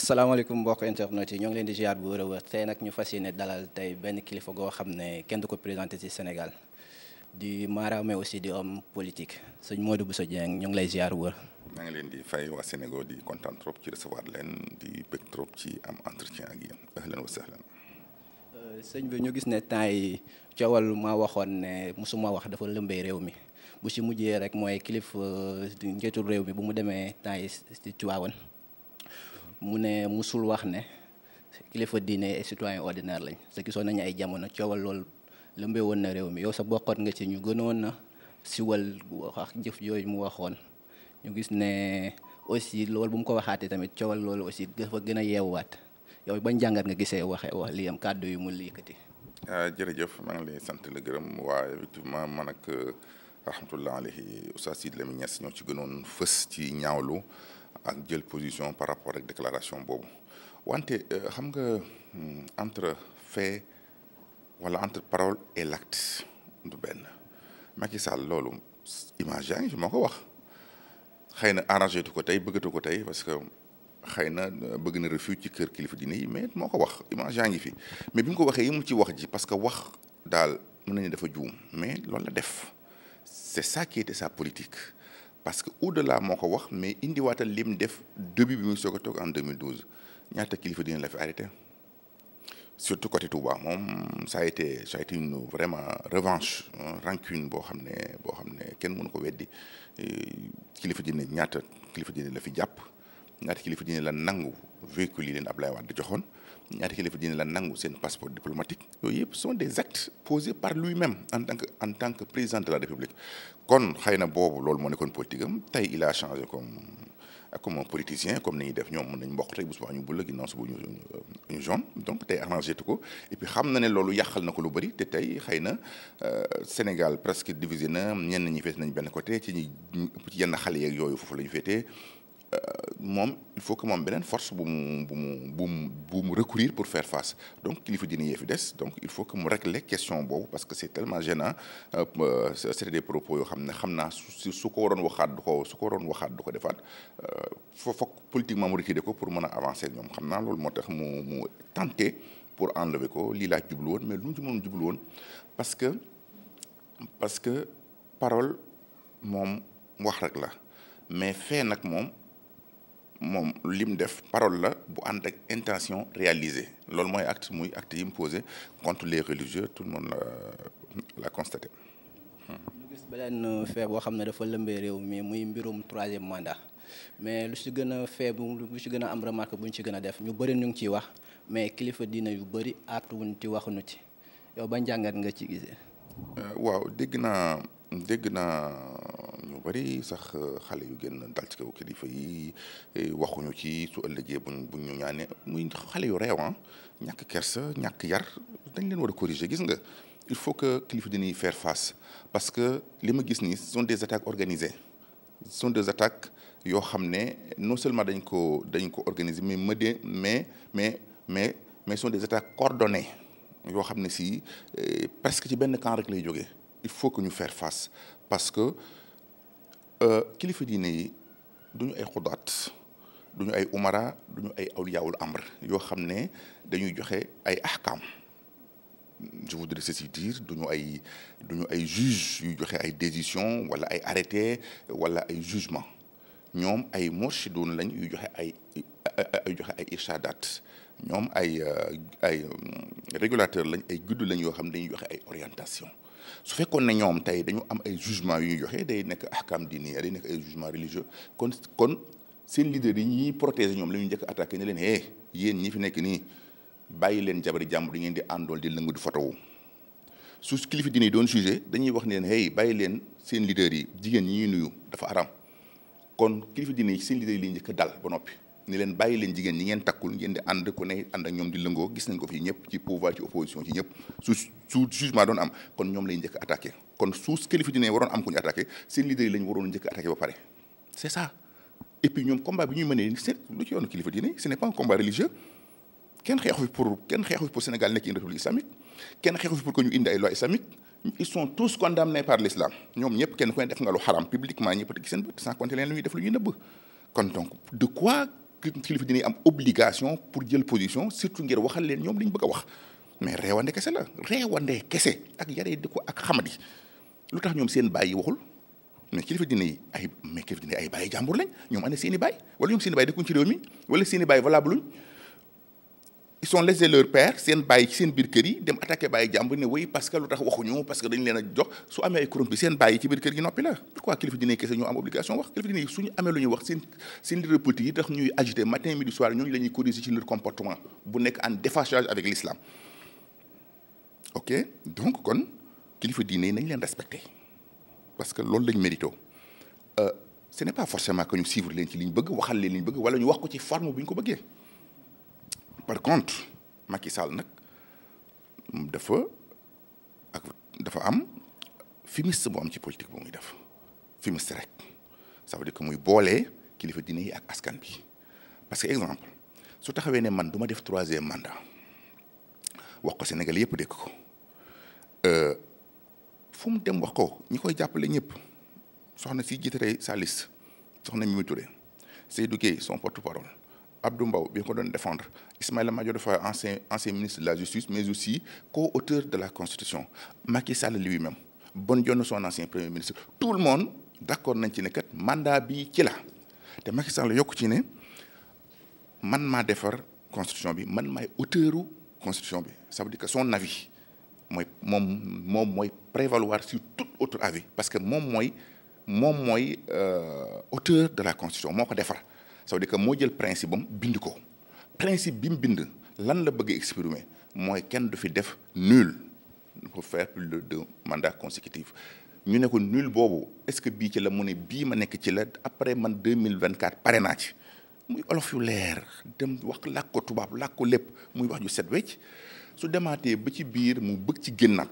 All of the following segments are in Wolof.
asalaamaaleykum mbokk internet yi ñoo ngi leen di ziar bu wër a wër tey nag ñu fas ne dalal tey benn kilifa goo xam ne kenn du ko présenté ci Sénégal di maaraame aussi di homme politique sëñ Modou Bousso Dieng ñoo ngi lay ziar wër. maa ngi leen di fay waa Sénégal di kontaan trop ci recevoir leen di bëgg trop ci am entretien ak yéen euh, sëñ bi ñu gis ne temps yi coowal maa waxoon ne musuma wax dafa lëmbee réew mi bu si mujjee rek mooy kilifa njiitul réew mi bu mu demee temps yi mu ne musul wax ne kilifa diine et citoyen ordinaire lañ ce qui nañu ay jamono coowal loolu lëmbee woon na réew mi yow sa bokkoot nga ci ñu gënoon na siwal wax jëf yooyu mu waxoon ñu gis ne aussi loolu bu mu ko waxaatee tamit coowal lool aussi dafa gën a yeewaat yow bañ jàngat nga gisee waxee wax lii am kàddu yu mu yëkkati. Ah, jërëjëf maa ngi lay sant la gërëm waaye effectivement man ak rahmatullah alayhi Oustaz Sidy Lamine Niass ñoo ci gënoon fës ci ak jël position par rapport ak déclaration boobu wante euh, xam nga hmm, entre fait wala entre parole et l'acte du benn Macky Sall loolu image yaa ngi fi moo ko wax xëy na arrangé ko tey bëggatu ko tey parce que xëy na euh, bëgg na refus ci kër kilifa diine yi mais moo ko wax image yaa ngi fi mais bi mu ko waxee mu ci wax ji parce que wax daal mën nañu dafa juum mais loolu la def c'est ça qui était sa politique parce que de la moo ko wax mais indiwaatal lim def début bi mu soog a toog en 2012 ñaata kilifa dina la fi arrêté surtout côté Touba moom ça a vraiment revanche rancune boo xam ne boo xam ne kenn mënu ko weddi euh, kilifa dina ñaata kilifa dina la fi jàpp ñaata kilifa dina la nangu véhicule yi leen ab Ablaye Wade joxoon. ñaari kilifa dina la nangu seen passeport diplomatique yooyu yëpp sont des actes posés par lui-même en tant que en tant que président de la république kon xëy na boobu loolu moo nekkoon politique am tey il a changé comme comme politicien comme ni ñuy def ñoom mun nañ mboq tey bu subaa ñu bulla ginnaaw suba ñu ñu euh, donc tey arrangé tu ko et xam na ne loolu yàqal na ko lu bëri te tey xëy na euh, Sénégal presque divisé na ñenn ñi fees nañ benn côté ci ñi ci yenn xale yeeg yooyu foofu la ñu féetee Euh, moom il faut que moom beneen force bu mu bu mu bu mu bu mu recourir pour faire face donc kilifa dina yee fi des donc il faut que mu régler question boobu parce que c' est tellement gênant euh, euh, c'est des propos yoo xam ne xam naa su ko waroon waxaat du ko su ko waroon waxaat du ko defaat foo foog politiquement mu retiré ko pour mën a avancer ñoom xam naa loolu moo tax mu mu tenté pour enlever ko lii laa jublu woon mais lu mu ci jublu woon parce que parce que parole moom wax rek la mais fee nag moom. moom lim def parole la bu ànd ak intention réalisée loolu mooy acte muy acte imposé contre les religieux tout le monde la euh, la constaté. ñu gis beneen fee boo xam ne dafa lëmbee réew mii muy mbirum troisième mandat mais lu si gën a feebu lu si gën a am remarque bu ñu ci gën a def ñu bëri ñu ngi ciy wax mais kilifa diina yu bëri ti wax waxuñu ci yow ba njàngat nga ci gisee. Euh, waaw dégg naa dégg naa. ñu bëri sax euh, xale yu génn dal ci kaw kilifa yi eh, waxuñu ci su ëllëgee buñ buñ ñu ñaanee xale yu réew ah ñàkk kersa ñàkk yar dañ leen war a corriger gis nga il faut que kilifa dinañ faire face parce que li ma gis nii ce des attaques organisées ce des attaques yoo xam ne non seulement dañ ko dañ ko organiser mais mais mais mais mais ce sont des attaques coordonnées yoo xam ne si eh, presque ci benn camp rek lay jógee il faut que ñu faire face parce que Euh, kilifa diine yi duñu ay xudaat duñu ay umara duñu ay awliyaawul amr yoo xam ne dañuy joxe ay ahkam je de ceci dire duñu ay duñu ay juge yuy joxe ay décision wala ay arrêté wala ay jugement ñoom ay murshidun lañ yuy joxe ay ay joxe ay irshadat ñoom ay ay mm, régulateur lañ ay gudd lañ yoo xam ne dañuy joxe ay orientation su fekkoon ne ñoom tey dañu am ay jugement yu ñu joxe day nekk ahkam diniya day nekk ay jugement religieux kon kon seen leader yi ñuy protéger ñoom la ñu njëkk attaqué ne leen eh yéen ñi fi nekk nii bàyyi leen jabari jàmbur di ngeen di àndool di lëngu di fotowu su kilifa diine yi doon jugé dañuy wax ne leen hey bàyyi leen seen leader yi jigéen ñi ñuy nuyu dafa aram kon kilifa diine yi seen leader yi la ñu njëkk dal ba noppi ni leen bàyyi leen jigéen ñi ngeen takkul ngeen di ànd ku ne ànd ak ñoom di lëngoo gis nañ ko fii ñëpp ci pouvoir ci opposition ci ñëpp su su jugement doon am kon ñoom lay njëkk attaqué kon suus kilifa dine waroon am ku ñu seen leader yi waroon njëkk attaqué ba pare c'est ça et puis ñoom combat bi ñuy mënee c'est lu ci yoonu kilifa diine ce n'est pas un religieux kenn xeexu fi pour kenn xeexu fi pour Sénégal nekk une république islamique kenn kilifa dinañ am obligation pour jël position surtout ngir waxal leen ñoom li ñu bëgg a wax mais reewande kese la reewande kese ak yaree di ko ak xamadi lu tax ñoom seen bàyyi waxul mais kilifa dina yi ay mais kilifa dina ay bàyyi jàmbur lañ ñoom ana seen i bàyyi wala ñoom seen i bàyyi dëkkuñ ci réew mi wala seen i bàyyi valable ils sont lésés leur père seen bàyyi ci seen biir kër yi dem attaqué bàyyi jàmbur ne oui parce que lu tax waxuñu parce que dañ leen a jox su amee ay corrompu seen bàyyi ci biir kër gi noppi la pourquoi kilifa diine kese ñoo am obligation wax kilifa diine yi tax ñuy agité matin ok donc kon kilifa diine yi nañ leen respecté parce que loolu lañ mérito euh, ce n'est ñu suivre leen leen li ñu bëgg wala ñu wax ko ci forme bu ñu ko bëggee par contre Macky Sall nag dafa ak dafa am fumiste bu am ci politique bu muy def fumiste rek ça veut que muy boolee kilifa diine yi ak askan bi parce que exemple su taxawee ne man duma def troisième mandat wax ko Sénégal yëpp dégg ko euh, fu mu dem wax ko ñi koy jàppale ñëpp soxna si jiite tey sa liste soxna Mimi Touré Seydou Guèye son porte-parole Abdou Mbow bi ko doon défendre Ismaïla Madior Fall ancien ancien ministre de la justice mais aussi co-auteur de la constitution Macky Sall lui-même Bon Dionne son ancien premier ministre tout le monde d'accord nañ ci ne kat mandat bi ci la te Macky Sall yokk ci ne man maa defar constitution bi man maay auteuru constitution bi ça veut dire que son avis mooy moom moom mooy prévaloir sur tout avis parce que moom mooy moom mooy euh, auteur de la constitution moo ko defar ça veut dire que moo jël principe am bind ko principe bi mu bind lan la bëgg exprimer mooy kenn du fi def nul pour faire plus de deux mandats consécutifs ñu ne ko nul boobu est-ce que bii ci la mu ne bii ma nekk ci la après man deux mille vingt quatre pare naa ci muy olof yu leer dem wax làkk ko tubaab làkk ko lépp muy wax ju set wecc su demaatee ba ci biir mu bëgg ci génnaat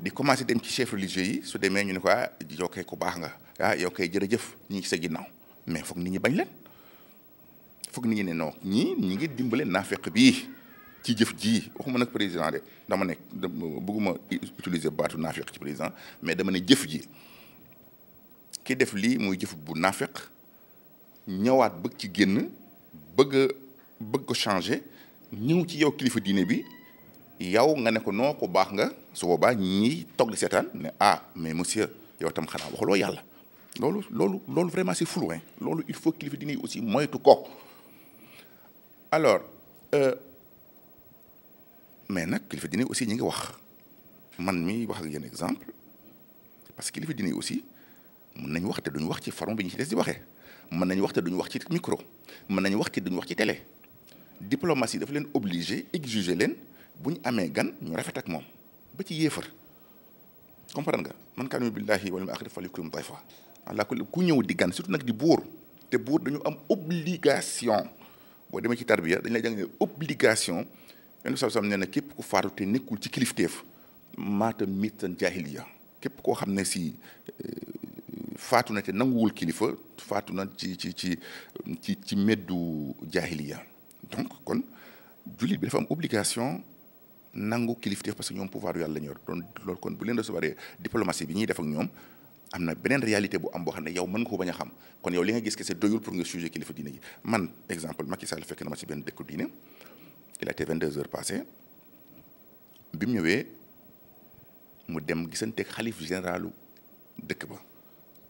di commencé dem ci chef religieux yi su demee ñu ne ko ah yow ko baax nga ah yow jërëjëf ñi ci sa ginnaaw mais foog nit ñi bañ leen foog nit ñi ne non ñi ñi ngi dimbale naafeq bii ci jëf ji waxuma nag président de dama ne bëgguma utiliser baatu naafeq ci président mais dama ne jëf ji ki def lii muy jëf bu naafeq ñëwaat bëgg ci génn bëgg bëgg ko changer ñëw ci yow kilifa diine bi yow nga ne ko noo ko baax nga su boobaa ñii toog di seetaan ne ah mais monsieur yow tam xanaa waxuloo yàlla. loolu loolu loolu vraiment c'est flou hein loolu il faut kilifa dina aussi moytu ko alors euh, mais nag kilifa dina aussi ñi ngi wax man mi wax ak yéen exemple parce que kilifa dina aussi mën nañ waxte te wax ci faron bi ñu ci des di waxee mën nañu wax te duñu wax ci micro mën nañu wax te duñu wax ci télé diplomatie dafa leen obligé exiger leen bu ñu amee gan ñu rafet ak moom ba ci yéefar comprendre nga man kaanu billaahi wal yawmil aaxir falyukrim dayfahu la ku ñëw di gan surtout nag di buur te buur dañu am obligation boo demee ci tarbiya dañ lay jàng ne obligation yenn saa sam nee na képp ku faatu te nekkul ci kilifteef maata mitan jahiliya képp koo xam ne si euh, faatu na te nanguwul kilifa faatu na ci ci ci ci ci meddu jahiliya donc kon jullit bi dafa am obligation nangu kilifteef parce que ñoom pouvoir yàlla la ñu loolu kon bu leen recevoir diplomatie bi ñuy def ñoom am na beneen réalité bo am boo xam ne yow mën nga ko bañ a xam kon yow li nga gis kese doyul pour nga juger kilifa diine yi man exemple Macky Sall fekk na ma ci benn dëkku diine il a été 22 heures passées bi mu ñëwee mu dem gisanteeg xalif généralu dëkk ba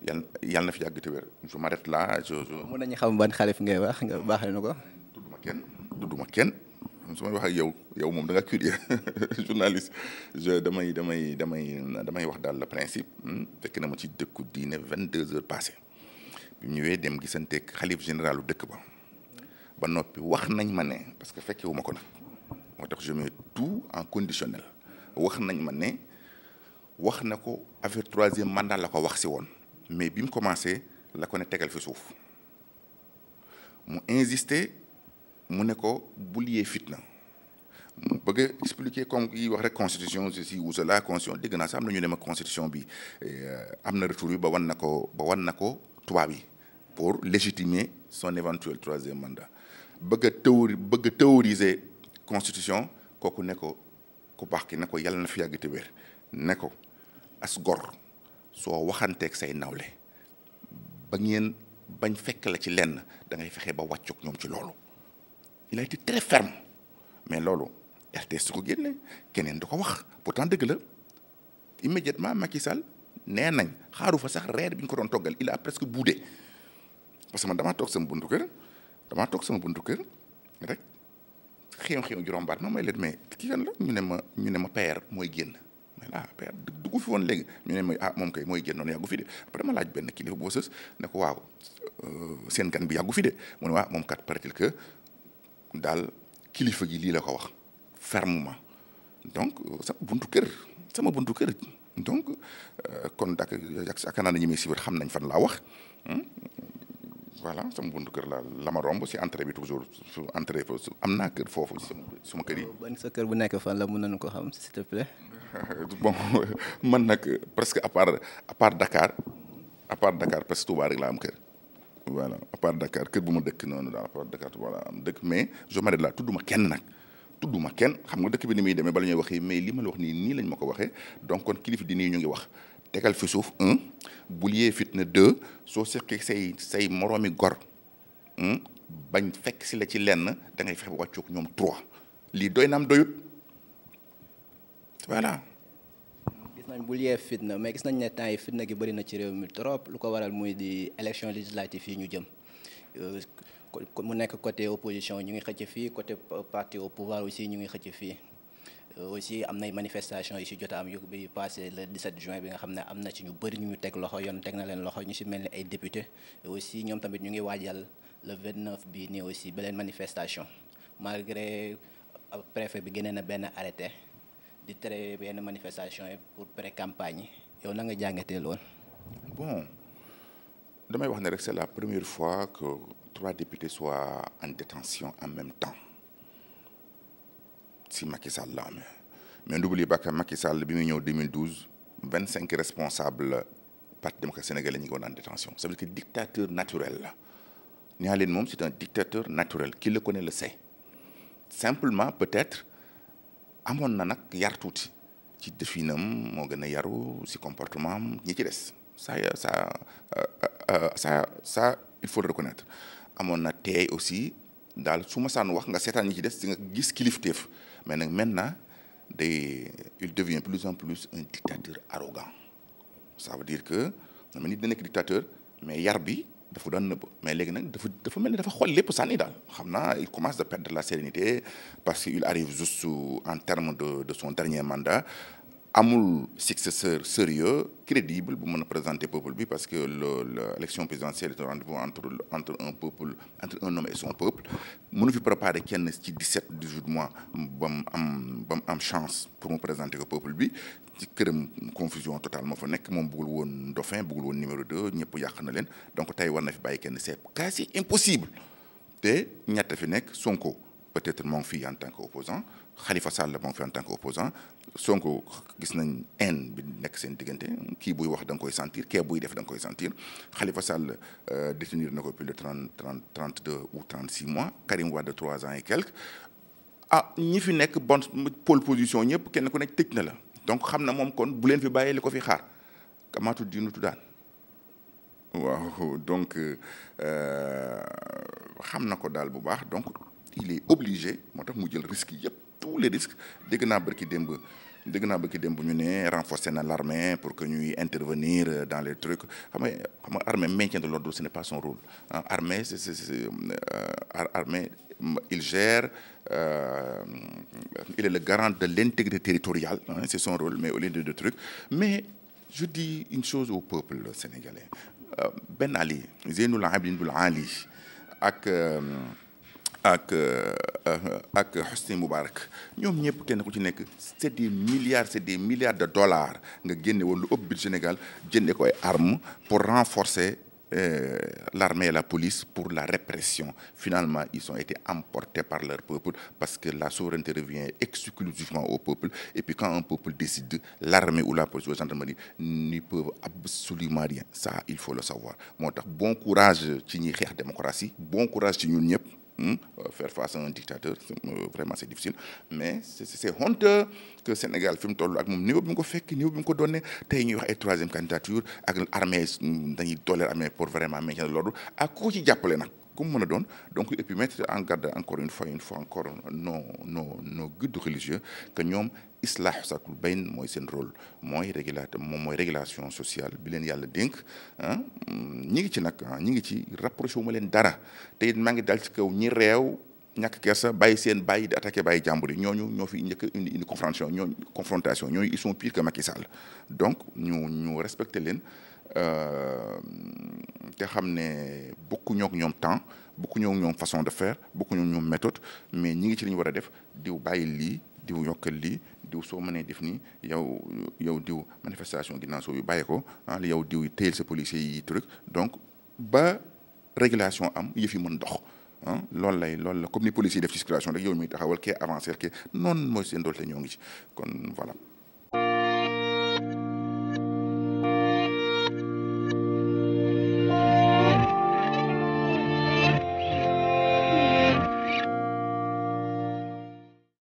yal yàlla na fi yàgg te wér je m'arrête là je je. mën nañu xam ban xalif ngay wax nga baaxee na ko. tudduma kenn tudduma kenn. su may wax ak yow yow moom da nga curieux journaliste je damay damay damay wax daal le principe hmm, fekk na ma ci dëkku diine vingt deux heures passées bi ñëwee dem gisanteeg xalif généralu dëkk ba ba noppi wax nañ ma ne parce que fekkewu ma ko nag moo tax je mets tout en conditionnel wax nañ ma ne wax na ko affaire troisième mandat la ko wax si woon mais bi mu commencé la ko ne tegal fi suuf mu insister mu ne ko bul yee fitna mu bëgg a expliquer comme yi wax rek constitution ceci ou cela constitution dégg naa sax am na ñu ne ma constitution bi eh, am na retour bi ba wan na ko ba na ko tubaab yi pour légitimer son éventuel troisième mandat bëgg a bëgg a théoriser constitution kooku ne ko ku baax ki ne ko yàlla na fi yàgg te wér ne ko as soo waxanteeg say nawle ba ngeen bañ fekk la ci lenn da ngay fexe ba wàccoog ñoom ci loolu il a été très ferme mais loolu RTS su ko génne keneen di ko wax pourtant dëgg la immédiatement Macky Sall nee nañ xaaru fa sax reer bi ñu ko doon toggal il a presque boudé parce que man damaa toog sama buntu kër damaa toog sama buntu kër rek xew xew juróom-baat ma may leen mais ne ma ñu ne ma PR mooy génn mais ah dugg fi woon léegi ñu ne ma ah moom kay mooy génn noonu yàggu fi de après ma laaj benn kilifa boo sës ne ko waaw euh, seen gan bi yàggu fi de mu ne waaw moom kat paraît-il daal kilifa gi lii la ko wax fermement donc euh, sama buntu kër sama buntu kër donc euh, kon dak yaakaar naa ne ñi si sibir xam nañ fan laa wax hmm? voilà sama buntu kër la la ma romb si entrée bi toujours su entrée am naa kër foofu suma kër yi. ban kër bu nekk fan la mën nañu ko xam s'il te plaît. bon man nag presque à part à part Dakar à part Dakar presque Touba rek laa am kër. voilà à part Dakar kër bu ma dëkk noonu daal à part Dakar voilà am dëkk mais je m'arrête là tudduma kenn nag tudduma kenn xam nga dëkk bi ni muy demee bala ñuy waxee mais li ma la wax nii nii lañ ma ko waxee donc kon kilifa di nii ñu ngi wax tegal fi suuf un bul yee fitna deux soo seqee say say moroomi gor bañ fekk si la ci lenn da ngay fexe wàccook ñoom trois lii doy na am doyut voilà nañ bul yee fitna mais gis nañ ne temps yi fitna gi bëri na ci réew mi trop lu ko waral muy di élection législative yi ñu jëm euh, mu nekk côté opposition ñu ngi xëcc fii côté parti au pouvoir aussi ñu ngi xëcc fii euh, aussi am nay manifestation yi si jot am yu bi passé le 17 juin bi nga xam ne am na ci ñu bëri ñu ñu teg loxo yoon teg na leen loxo ñu si mel ni ay député aussi ñoom tamit ñu ngi waajal le 29 bii nii aussi beneen manifestation malgré préfet bi génne na benn arrêté di tere benn manifestation yi pour pré campagne yow na nga jàngatee lool. bon damay wax ne rek c'est la première fois que trois députés soit en détention en même temps si Macky Sall la amee mais n'oublie pas que Macky Sall bi muy ñëw 2012 25 responsables parti démocratique sénégalais ñi ngi woon en détention ça veut dire que dictateur naturel la ñaa leen moom c'est un dictateur naturel qui le connaît le sait simplement peut-être. amoon na nag yar tuuti ci definam moo gën a yaru si comportement am ñi ci des ça euh, euh, euh, ça ça il faut le reconnaître amoon na teey aussi daal su ma saan wax nga seetaan ñi ci des di nga gis kilifteef mais nag maintenant day il devient plus en plus un dictateur arrogant ça veut dire que na ma nit da dictateur mais yar bi daf ko daan nëbb mais léegi nag dafa dafa mel ni dafa xool lépp sànni daal xam naa il commence de perdre la sérénité parce qu'il arrive juste en terme de de son dernier mandat amul successeur sérieux crédible bu mën a présenter peuple bi parce que le l'élection présidentielle est entre entre un peuple entre un homme et son peuple mënu fi préparer kenn ci 17 18 mois ba mu am am chance pour mu présenter ko peuple bi ci këram confusion totale moo fa nekk moom bëggul woon dauphin bëggul woon numéro 2 ñëpp yàq na leen donc tey war na fi bàyyi kenn c'est quasi impossible te ñett fi nekk Sonko peut-être moo ngi fii en tant qu'opposant Khalifa Sall moo ngi fi en tant que opposant Sonko gis nañ haine bi nekk seen diggante kii buy wax da nga koy sentir kee buy def da nga koy sentir Khalifa Sall euh, détenir na ko plus de trente trente trente deux ou trente six mois Karim Wade trois ans et quelques ah ñi fi nekk bonne pole position ñëpp kenn ku nekk tëj na la donc xam na moom kon bu leen fi ko fi xaar amaatu diinu tuddaan waaw euh, euh, xam na ko daal bu baax donc il est obligé moo tax mu jël risque yëpp. tous les risques dégg naa bërki démb dégg naa bërki démb ñu ne renforcer na l'armée pour que ñuy intervenir dans les trucs xam nga xam nga armée maintien de l'ordre ce n'est pas son rôle ah armée c'est c'est euh, euh, c'est son rôle mais au lieu de de mais je dis une chose au peuple sénégalais euh, Ben Ali Zeynoul Abidine Ali ak ak euh, ak Hosni Moubarak ñoom ñëpp kenn ku ci nekk c'est des milliards c'est des milliards de dollars nga génne woon lu ëpp biir Sénégal jënde ko ay armes pour renforcer euh, l'armée et la police pour la répression finalement ils ont été emportés par leur peuple parce que la souveraineté revient exclusivement au peuple et puis quand un peuple décide l'armée ou la police ou la gendarmerie n'y peuvent absolument rien ça il faut le savoir moo tax bon courage ci ñuy xeex démocratie bon courage Hmm? Euh, faire face à un dictateur euh, vraiment c'est difficile mais c'est honteux que Sénégal fi mu toll ak moom ni bi mu ko fekk niveau bi mu ko donné tey ñuy wax ay troisième candidature ak armée dañuy dooleel armée pour vraiment maintenir l'ordre ak ku ci jàppale nag comme mën a doon donc et puis mettre en garde encore une fois une fois encore nos nos nos guides religieux que ñoom islah sakul bayn mooy seen rôle mooy régulate moom mooy régulation sociale bi leen yàlla dénk ah ñi ngi ci nag ah, ñi ngi ci rapproché wu ma leen dara te it maa ngi dal ci kaw ñi reew ñàkk kersa bay seen bay di attaqué bay jàmbur yi ñoo ñu ñoo fi njëkk indi indi confrontation ñooñu confrontation ñooñu ils sont pires que Macky Sall ñu ñu leen Euh, te xam ne bokkuñoo ak ñoom temps bokkuñoo ñook ñoom façon de faire bokkuñoo ak ñoom méthode mais ñi ngi ci li ñu war a def diw bàyyi lii diw yokkal lii diw soo mënee def nii yow yow diw manifestation ginnaaw soo bi bàyyi ko ah yow diw yi téyel sa policier yi truc donc ba régulation am yëf yi mën dox ah loolu lay loolu la comme ni policier def ci circulation rek yow mi taxawal kee avancer kee noonu mooy seen doole ñoo ngi ci kon voilà.